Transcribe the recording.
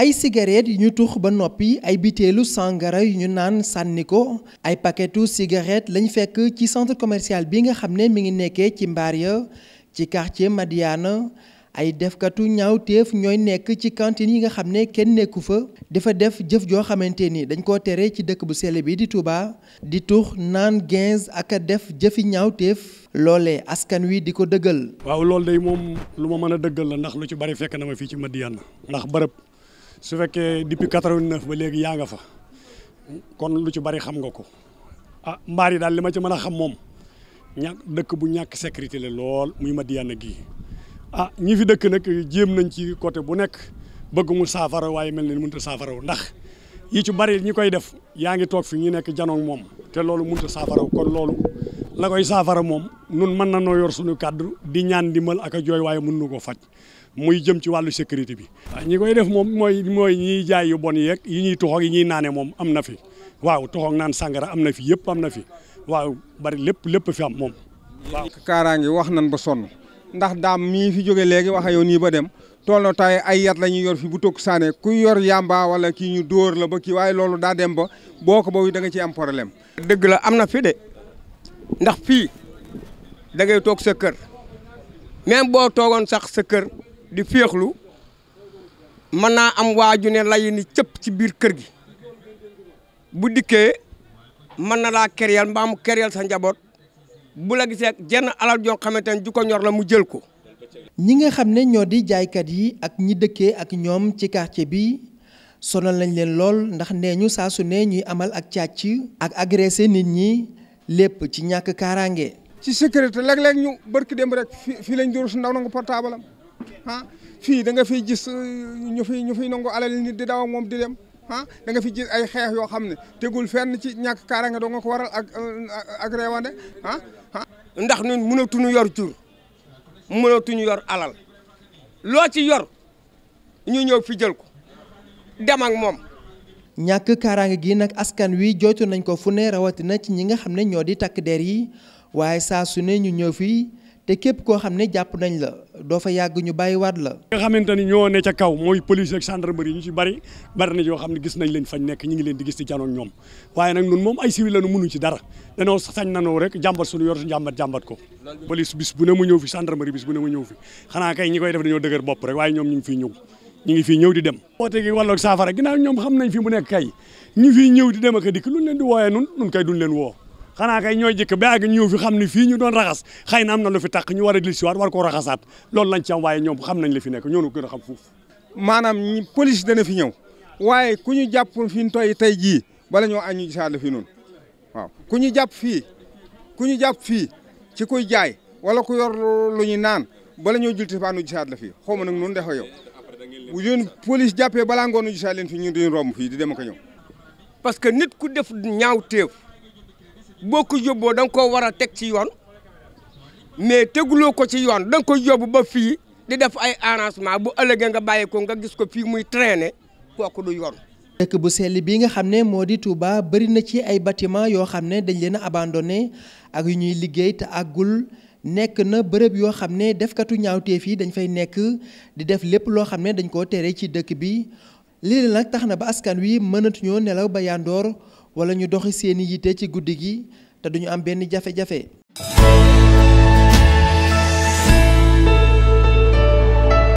ay cigarette yu ñu tux ba noppi ay biteelu sangara yu ñu naan sànni ko ay paketu cigarette lañ fekk ci centre commercial bi nga xam ne mi ngi nekkee ci mbaar ya ci quartier Madiana ay defkatu ñaawteef ñooy nekk ci cantine yi nga xam ne kenn nekku fa dafa def jëf joo xamante ni dañ koo tere ci dëkk bu sell bi di Touba di tux naan ginz ak a def jëfi ñaawteef loolee askan wi di ko dëggal waaw loolu day moom lu ma mën a dëggal la ndax lu ci bari fekk na ma ci Madiana ndax bërëb su fekkee depuis 89 ba léegi yaa nga fa kon lu ci bari xam nga ko ah mbaar yi daal li ma ci mën a xam moom ñàkk dëkk bu ñàkk sécurité la lool muy Madiyana gii ah ñi fi dëkk nag jéem nañ ci côté bu nekk bëgg mu saafara waaye mel ne mënut a saafara ndax yi ci bari ñi koy def yaa ngi toog fi ñu nekk janoog moom te loolu mënut a saafara kon loolu la koy saafara moom nun mën na noo yor suñu kàddu di ñaan dimbal ak jooy waaye mën nu ko faj muy jëm ci wàllu sécurité bi. ñi koy def moom mooy mooy ñiy jaay yu bon yeeg yi ñuy toxoog yi ñuy naane moom am na fi waaw toxoog naan sàngara am na fi yëpp am na fi waaw bari lépp lépp fi am moom. waaw kaaraange wax nan ba sonn ndax daam mii fi jóge léegi wax yoon nii ba dem tool na tay ay yat la ñuy yor fi bu tokk saane ku yor yamba wala kii ñu dóor la ba kii waaye loolu daa dem ba boo ko boobu da nga ci am problème. dëgg la am na ndax fii dangay toog sa kër même boo toogoon sax sa kër di féexlu mën naa am waaju ne layu ni cëpp ci biir kër gi bu dikkee mën na laa kéréel mbaamu mu sa njaboot bu la gisee jenn alal joo xamante ne ju ko ñor la mu jël ko. ñi nga xam ne ñoo di jaaykat yi ak ñi dëkkee ak ñoom ci quartier bi sonal nañ leen lool ndax nee ñu saa ne ñuy amal ak càcc ak agressé nit ñi. lépp ci ñàkk kaaraange. ci sécurité léeg-léeg ñu bërki dem rek fii fii lañ dóor su ndaw nangu portable am ah fii da nga fiy gis uh, ñu fi ñu fiy nangu alal di daw moom di dem ah da fi gis ay xeex yoo xam ne tegul fenn ci ñàkk kaaraange doo nga ko waral ak uh, ak réewande ah. ndax ñun mënatuñu yor jur mënatuñu yor alal loo ci yor ñu ñëw fi jël ko dem moom. ñàkk kaaraange gi nag askan wi jooytu nañ ko fu ne rawatina ci ñi nga xam ne ñoo di takk der yi waaye saa su ne ñu ñëw fii te képp koo xam ne jàpp nañ la doo fa yàgg ñu bàyyi waat la. nga xamante ñu ci bari bari na yoo xam ne gis nañ leen fañ nekk ñu ngi leen di gis di janoon ñoom waaye nag nun moom ay civil la nu mënuñ ci dara danoo sañ nanoo rek jàmbat suñu yor jàmbat jàmbat ko police bis bu ne mu ñëw fi gendarmerie bis bu ne mu ñëw fi xanaa kay ñi koy def dañoo dëgër bopp ñëw ñu ngi fii ñëw di dem woote gi wàllu saafara ginnaaw ñoom xam nañ fi mu nekk kay ñu fii ñëw di dem ak dikk luñ leen di wooyee nun nun kay duñ leen woo xanaa kay ñooy jëkk ba àgg ñëw fi xam ne fii ñu doon raxas xëy na am na lu fi tàq ñu war a dellusiwaat war koo raxasaat loolu lañ ci am waaye ñoom xam nañ li fi nekk ñoonu gën a xam foofu maanaam police dana fi ñëw waaye ku ñu jàpp fi ñu toy tey jii bala ñoo añu gisaat la fi noonu waaw ku ñu jàpp fii ku ñu jàpp fii ci kuy jaay wala ku yor lu ñu naan bala ñoo julti baanu gisaat la fii xaw ma nag noonu defa yow yéen police jàppee balaa ngoon ñu saa leen fi ñu duñ romb fii di dem ak ñëw parce que nit ku def ñaaw téef boo ko yóbboo danga nga koo war a teg ci yoon mais teguloo ko ci yoon da nga ko yóbbu ba fii di def ay arrangement bu ëllëgee nga bàyyi ko nga gis ko fii muy traîner kooku du yoon. dëkk bu sell bii nga xam ne moo di Touba bëri na ci ay batiment yoo xam ne dañ leen a abandonné ak yu ñuy liggéey te àggul. nekk na bërëb yoo xam ne defkatu ñaawteef fii dañ fay nekk di def lépp loo xam ne dañ koo tere ci dëkk bi lii nag tax na ba askan wi mënatuñoo nelaw ba yandoor wala ñu doxi seeni yitte ci guddi gi te duñu am benn jafe-jafe